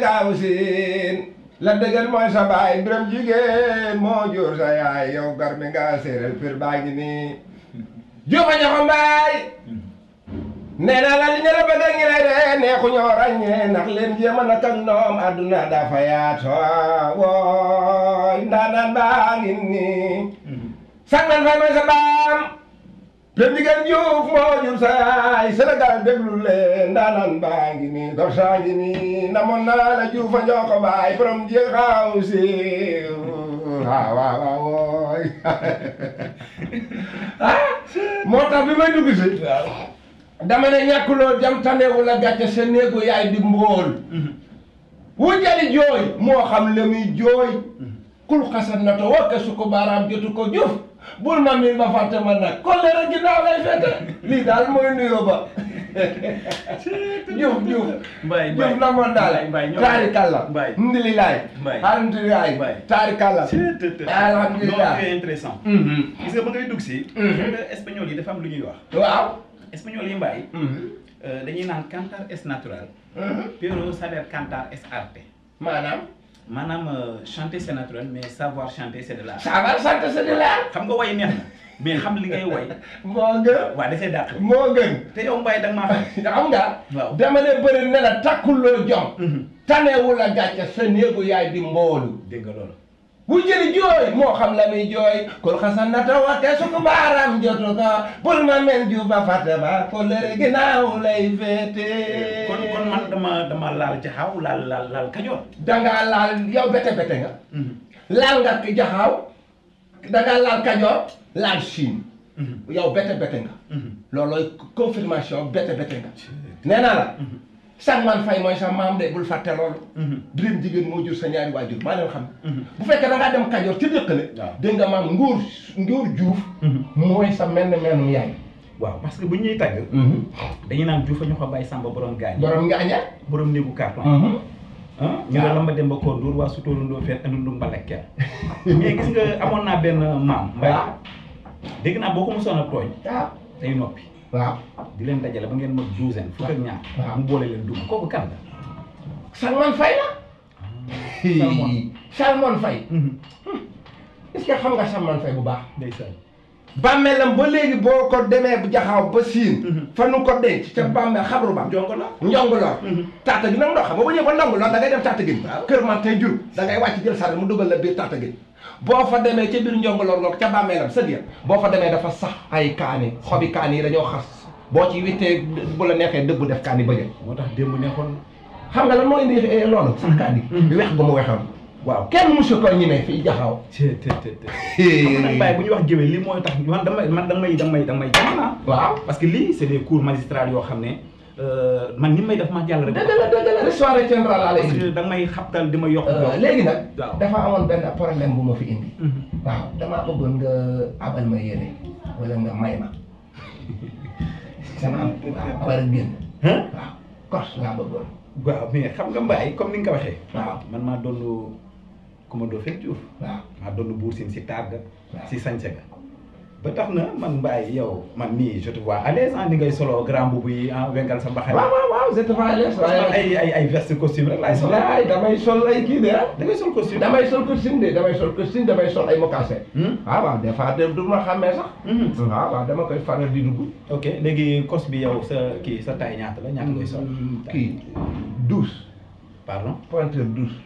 gaawu siin la dëggal mooy sa baay biram jigéen moo jur sa yaay yow gar mi nga séeréel pir baa ngi nii juuxa ñoxo mbaay nee naa la li ñu la bëgg ngi lay de neexu ñoo ràññee ndax leen jéem a nag ak noom àdduna dafa yaatu wooy ndaanaan baa ngi nii sànnan fay mooy sa baam te ndigal Juuf moo jur saay Sénégal déglu leen ndaanaan baa ngi nii dox ngi nii namoon naa la Juuf a ñoo baay borom ji xaaw si ah, moo tax bi may dugg si dama ne ñàkkuloo jam tanewu la gàcce sa néegu yaay di mbóol mhm. wu jari jooy moo xam le muy mhm. kul xasan na to wakka su ko baaraam jotu ko Juuf bul ma miir ba fàtte ma nag kolleere ginnaaw lay fete lii daal mooy nuyoo ba juuf juuf mbay juuf na moon daale taari kalla mbay ndili laay xaarantu yaay taari kalla alhamdulilah non intéressant mhm. gis nga ba ngay dugg si mhm. espagnol yi dafa am lu ñuy wax waaw espagnol yi mbay mhm. euh, dañuy naan cantar es natural pero saber cantar es arte maanaam maanaam euh, chanter c'est naturel mais savoir chanter c'est de l'art. savoir chanter c'est de l'art. xam nga way neex na mais xam li ngay way. moo gën waaw dafay dàq. moo gën te yow Mbaye da nga maa xam. xam nga. waaw dama ne bëri ne la takkuloo jom. Mhm. taneewu la gàcce sa néegu yaay di mboolu. dégg nga loolu. bu jëli jooy moo xam la muy jooy kol xasanata wate suku baaram jotu ka bul ma men ju ba fàtte ba kolere ginnaaw lay féete kon kon man dama dama laal jaxaaw laal laal laal kajoor laal yow bete bete nga mhm. laal nga jaxaaw dangaa laal kajoor laal Chine mhm. yow bete bete nga mhm. loolooy confirmation bete bete nga nee Sangman Faye mooy sa maam de bul fàtte loolu. Birame mhm. Jigéen moo jur sa ñaari waajur maa leen xam. Mhm. bu fekkee da dem Kajoor ci dëkkale. waaw dégg nga maam Ngóor Ngóor Diouf. Mhm. mooy sa menn mennu yaay. waaw parce que bu ñuy tàgg. dañu naan Diouf ñu ko bàyyi Samba borom gaañ. borom gaaña ah? borom néegu carton. ah ñu ne Lamba Demba Kondour waa Soutoulou Ndofène Ndundum Mbalakkeen. mais gis nga amoon naa benn maam. waaw Mbaye dégg naa boo ko mosoon a tooñ. waaw ah. day noppi. waaw di leen dajale ba ngeen mag douzaine fukk ak ñaar waaw mu boole leen dugg kooku kan la Salmon Faye la ah. Salmon Faye mhm. hmm. est-ce que xam nga Salmon Faye bu baax ndeysaan bàmmeelam ba léegi boo ko demee bu jaxaw ba siin mhm. fa nu ko denc ca mhm. bàmmeel xabru ba njongolor njongolor tàtta gi nag ndox xam nga ba ñëw ba ndongolor da ngay dem tàtta gi kër man tey jur da ngay wàcc jël sàll mu dugal la biir tàtta gi boo fa demee ca biir lool loog ca bàmmeelam sëg ya boo fa demee dafa sax ay kaani xobi kaani yi dañoo xas boo ci wittee bu la neexee dëbb def kaani ba jël moo tax démb neexoon xam nga lan moo indi eh, loolu sax kaani mm-hmm. mm-hmm. wex gu mu wexoon waaw kenn musu ko ñi ne fii jaxaw bu ñu wax géwél li mooy tax man damay man damay may damay jàmm naa waaw parce que lii c'est des cours magistrales yoo xam ne Euh, man ni may def ma jàll rek. dëgg la dëgg la générale may xabtal di ma yokk. Euh, léegi nag dafa amoon benn problème bu ma fi indi. Mhm. waaw damaa bëggoon nga abal ma wala nga may ma sama waaw war a kos waaw mais xam nga mbaay comme ni nga ko waaw man maa doon commando Fett Diouf. waaw si si ba taxna man Mbaye yow man ni je te vois à l'aise ah, ni ngay solo grand boubou yi ah wengal sa mbaxane. waaw waaw waaw je te vois à l'aise ay ay ay veste costume rek lay solo ay damay sol ay kii de ah. damay sol costume damay sol costume de damay sol costume damay sol ay mocassins. waaw hmm? ah, waaw des fois du ma xamé sax. waaw hmm. ah, waaw dama koy faral di dugg. ok légui cos bi yow sa kii sa taille ñaata la ñaata koy sol. Hmm, kii douze. pardon pointeur douze.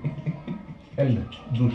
elle douze.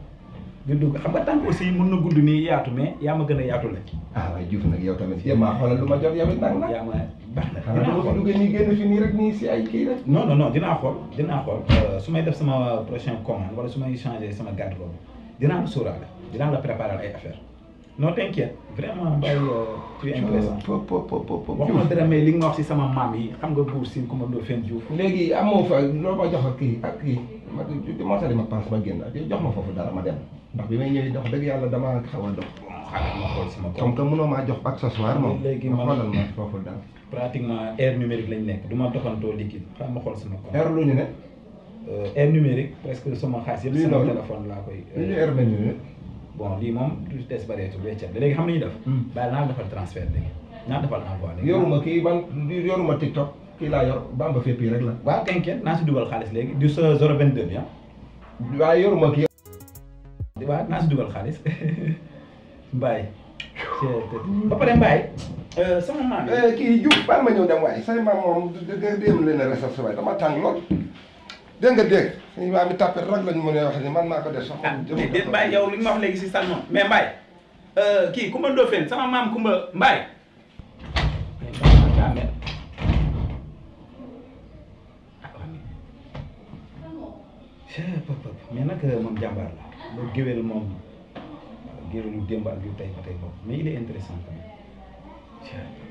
di dugg xam nga tànk aussi na gudd yaatu ma gën a yaatu la. ah waaye Diouf nag yow tamit yow maa xoolal lu ma jot ah, dinaa xool si ay kii dinaa xool dinaa xool euh, su may def sama prochain commande wala su may changé sama garde-robe dinaa la sóoraale dinaa la préparer ay affaire non t'inquiète vraiment Mbaye euh, tu es ma si sama maam yi xam nga buur siin amoo fa jox ak kii ak kii ma di ma sori ma paas ma jox ma foofu dara ma dem. ndax bi may ñëw dox dëgg yàlla dama xaw a dox xaaral ma xool comme que mënoo maa jox accessoire moom léegi ma xoolal ma foofu daal pratiquement air numérique lañ nekk du ma doxantoo liquide xaaral ma xool sama compte air lu ñu ne euh, air numérique presque sama xaalis yëpp sama téléphone laa koy lu ñu euh, ne bon lii moom du des bareetul weccet léegi xam nañu def hmm. bàyyi naa defal transfert léegi naa defal envoi léegi yoruma kii ban yoruma tiktok kii laa yor bamba fépp yi rek la waaw kenn kenn naa si dugal xaalis léegi du sa 022 bi ah waaye yoruma kii di ba naa si dugal xaalis mbaay ba sama maam kii Diouf baal ma ñëw dem waaye say maam moom déem leen a resal sa waay dama tàng lool dégg nga dégg suñu maam kau tàppet rek lañu mën a wax ni man maa ko def sax déet mbaay yow li ma wax léegi si salmon mais mbaay kii Kumba Ndofène sama maam Kumba mbaay mais nag moom jàmbaar la ba géwél moom géwélu démb ak yu tey ba tey boobu mais il est intéressant tamit